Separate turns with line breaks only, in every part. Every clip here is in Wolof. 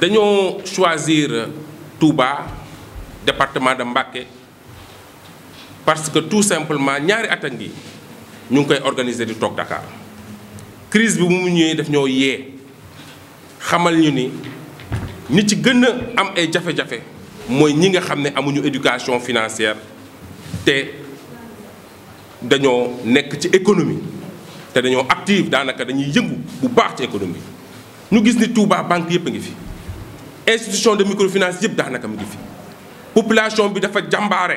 dañoo choisir Touba département de Mbacké parce que tout simplement ñaari at a ñu ngi koy organiser di toog Dakar crise bi mu ñëwee daf ñoo yee xamal ñu ni ñi ci gën a am ay jafe-jafe mooy ñi nga xam ne amuñu éducation financière te dañoo nekk ci économie te dañoo active daanaka dañuy yëngu bu baax ci économie ñu gis ni Touba banque yëpp a ngi fi. institution de microfinance yëpp daanaka mu ngi fi population bi dafa jàmbaare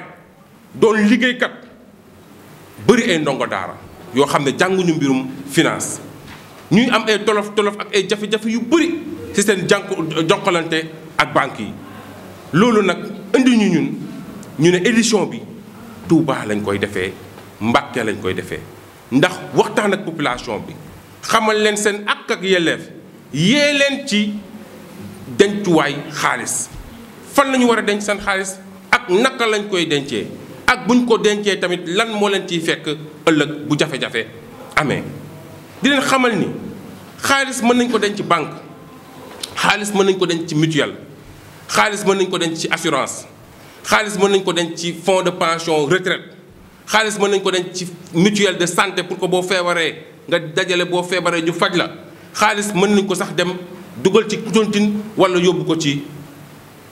doon liggéeykat bëri ay ndongo daara yoo xam ne jànguñu mbirum finance ñuy am ay tolof tolof ak ay jafe-jafe yu bëri ci seen jànku jokkalante ak banque yi loolu nag indi ñu ñun ñu ne édition bi Touba lañ koy defee Mbàkke lañ koy defee ndax waxtaan ak population bi xamal leen seen ak ak yelleef yee leen ci dencuwaay xaalis fan la ñu war a denc seen xaalis ak naka lañ koy dencee ak buñ ko dencee tamit lan moo leen ciy fekk ëllëg bu jafe-jafe amee. di leen xamal ni xaalis mën nañ ko denc banque xaalis mën nañ ko denc ci mutuelle xaalis mën nañ ko denc ci assurance xaalis mën nañ ko denc ci fonds de pension retraite xaalis mën nañ ko denc ci mutuelle de santé pour ko boo feebaree nga dajale boo feebaree ñu faj la xaalis mën nañ ko sax dem. dugal ci kutontin wala yóbbu ko ci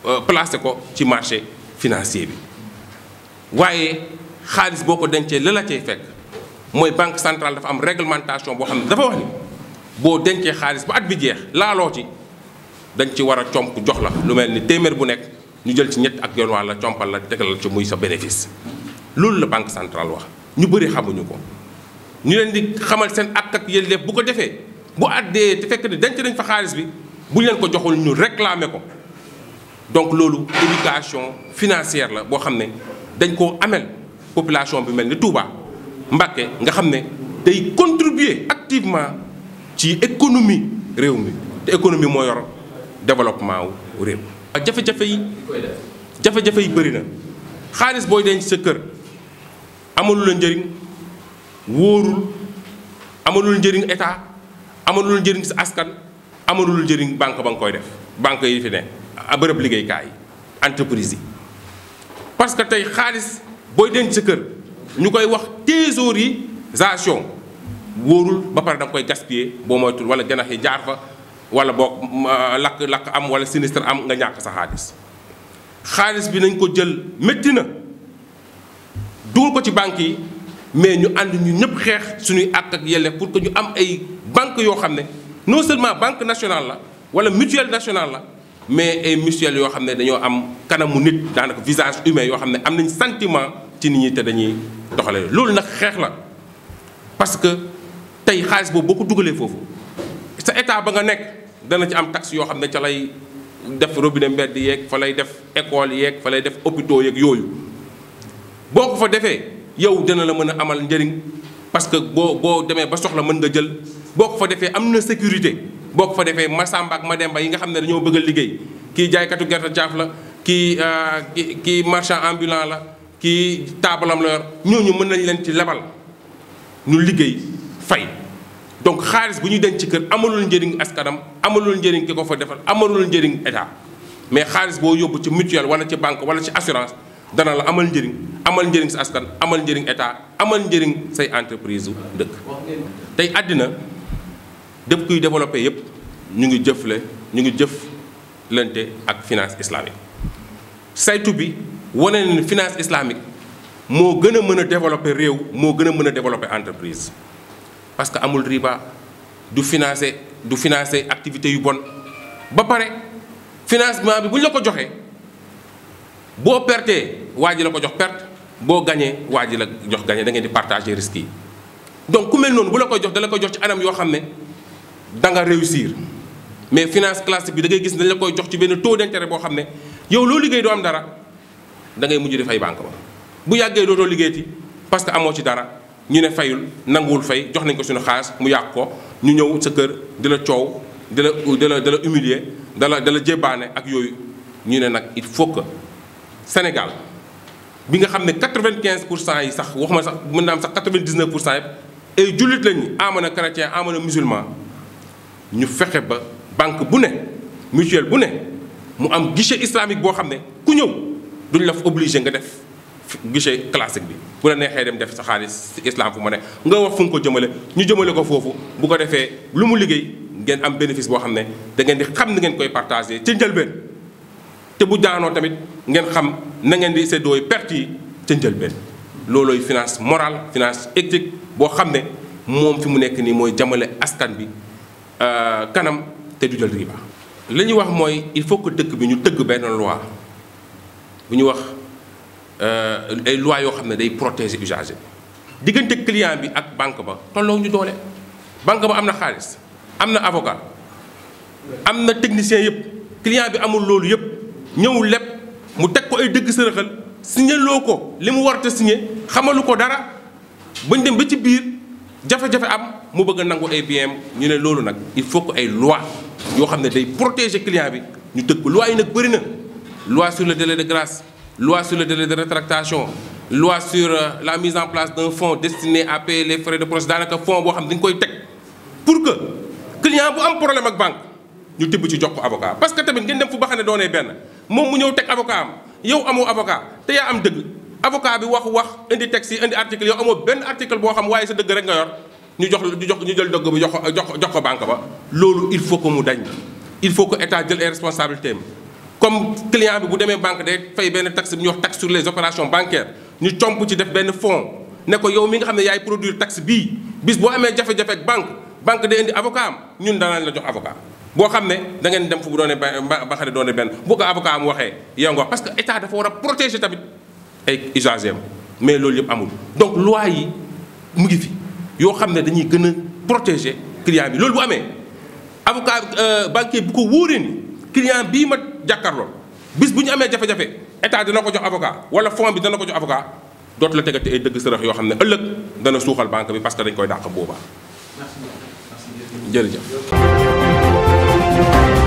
euh, placé ko ci marché financier bi waaye xaalis boo ko dencee la la cay fekk mooy banque centrale dafa am réglementation boo xam ne dafa wax ni boo dencee xaalis bu at bi jeex laaloo ci dañ ci war a comp jox la lu mel ni téeméer bu nekk ñu jël ci ñett ak yoon wàlla compal la tegal la ci muy sa bénéfice loolu la banque centrale wax ñu bëri xamuñu ko ñu leen di xamal seen ak ak yële bu ko defee bu àddee te fekk ne denc nañ fa xaalis bi buñ leen ko joxul ñu réclamer ko donc loolu éducation financière la boo xam ne dañ koo ameel population bi mel ni Touba Mbacké nga xam ne day contribuer activement ci économie réew mi te économie moo yor développement wu réew. waaw jafe-jafe yi jafe-jafe yi bëri na xaalis booy denc sa kër amalu la njëriñ wóorul amalu la njëriñ état. amalul jëriñ sa askan amalul njëriñ banque ba nga koy def banque yi fi ne bërëb liggéeykaay yi entreprise yi parce que tey xaalis booy denc sa kër ñu koy wax yi thésaurisation wóorul ba pare da nga koy gaspiller boo moytul wala ganax yi jaar fa wala boo mm, euh, lakk-lakk am wala sinistre am nga ñàkk sa xaalis xaalis bi nañ ko jël métti na dugal ko ci banque yi mais ñu ànd ñu ñëpp xeex suñuy àq ak yelle pour que ñu am ay banque yoo xam ne non seulement banque nationale la wala mutuelle nationale la mais ay mutuelle yoo xam ne dañoo am kanamu nit daanaka visage humain yoo xam ne am nañ sentiment ci nit ñi te dañuy doxale loolu nag xeex la parce que tey xaalis boobu boo ko dugalee foofu sa état ba nga nekk dana ci am taxe yoo xam ne ca lay def robinet mbedd yeeg fa lay def école yeeg fa lay def hôpitaux yeeg yooyu boo ko fa defee yow dana la mën a amal njëriñ parce que boo boo demee ba soxla mën nga jël boo ko fa defee am na sécurité boo ko fa defee Masamba ak Mademba yi nga xam ne dañoo bëgg liggéey kii jaaykatu gerte caaf la kii euh, kii kii marchand ambulant la kii taabalam la yor ñooñu mën nañ leen ci lebal ñu liggéey fay. donc xaalis bu ñuy denc ci kër amalul njëriñ askanam amalul njëriñ ki ko fa defal amalul njëriñ état mais xaalis boo yóbbu ci mutuelle wala ci banque wala ci assurance dana la amal njëriñ amal njëriñ sa askan amal njëriñ état amal njëriñ say entreprise u dëpp kuy développé yëpp ñu ngi jëfle ñu ngi jëf lante ak finance islamique saytu bi wane ne finance islamique moo gën a mën a développé réew moo gën a mën a développé entreprise parce que amul riba du financé du financé activité yu bon ba pare financement bi bu ñu la ko joxee boo pertee waa ji la ko jox perte boo gañee waa ji la jox gañee da ngeen di partager risques yi donc ku mel noonu bu la koy jox da la jox ci anam yoo xam ne da réussir mais finance classique bi da ngay gis dañ la koy jox ci benn taux d'intérêt boo xam ne yow loo liggéey doo am dara da mujj di fay banque ba bu yàggee dootoo liggéeyati parce que amoo ci dara ñu ne fayul nanguwul fay jox nañ ko suñu xaalis mu yàqu ko ñu ñëw sa kër di la coow di la di la di la humilier jébbaane ak yooyu ñu ne nag il faut que Sénégal bi nga xam ne 95 pour cent yi sax ma sax mën naa am sax 99 pour cent yëpp ay jullit lañu amana chrétien amana musulman ñu fexe ba banque bu ne mutuelle bu ne mu am guichet islamique boo xam ne ku ñëw duñ laf fa nga def guichet classique bi bu la neexee dem def sa xaalis si islam fu ma ne nga wax fu nga ko jëmale ñu jëmale ko foofu bu ko defee lu mu liggéey ngeen am bénéfice boo xam ne da ngeen di xam ni ngeen koy partagé ca njëlbeen te bu daanoo tamit ngeen xam na ngeen di seddoo yi perte yi ca njëlbeen loolooy finance morale finance éthique boo xam ne moom fi mu nekk nii mooy jamale askan bi Euh, kanam te du jël riba li ñu wax mooy il faut que dëkk bi ñu tëgg benn loi bu ñu wax euh, ay loi yoo xam ne day protéger usager bi diggante client bi ak banque ba tolloo ñu doole banque ba am na xaalis am na avocat am na technicien yëpp client bi amul loolu yëpp ñëwul lépp mu teg ko ay dëgg sërëxal signé ko li mu war te signé xamalu ko dara bañ dem ba ci biir jafe-jafe am mu bëgg a nangu ay biens ñu ne loolu nag il faut que ay loi yoo xam ne day protéger client bi ñu tëgg ko loi yi nag bëri na loi sur le délai de grâce loi sur le délai de rétractation loi sur euh, la mise en place d'un fonds destiné à payer les frais de procès daanaka fonds boo xam ne dañ koy teg pour que client bu am problème ak banque ñu tibb ci jox ko avocat parce que tamit ngeen dem fu ba xam ne doonee benn moom mu ñëw teg avocat am yow amoo avocat te yaa am dëgg avocat bi wax wax indi texte yi indi article yow amoo benn article boo xam waaye sa dëgg rek nga yor ñu jox ñu jox ñu jël dogg bi jox ko jox ko banque ba loolu il faut que mu dañ il faut que état jël ay responsabilités comme client bi bu demee banque day fay benn taxe bi ñuy wax taxe sur les opérations bancaires ñu comp def benn fonds ne ko mi nga xam ne yaay produire taxe bii bis boo amee jafe-jafe ak banque banque day indi avocat am ñun danañ la jox avocat boo xam ne da ngeen dem fu bu doone ba xare doone benn bu ko avocat am waxee yow nga parce que état dafa war a protéger tamit ay usagers mais loolu yëpp amul donc loi yi mu ngi fi. yoo xam ne dañuy gën a protéger client bi loolu bu amee avocat euh, banquier bu ko wóoree ni client bii ma jàkkaarloo bis bu ñu amee jafe-jafe état dina ko jox avocat wala fond bi dana ko jox avocat dootu la tegati ay dëgg sërëx yoo xam ne ëllëg dana suuxal banque bi parce que dañ koy dàq boobaa jërëjëf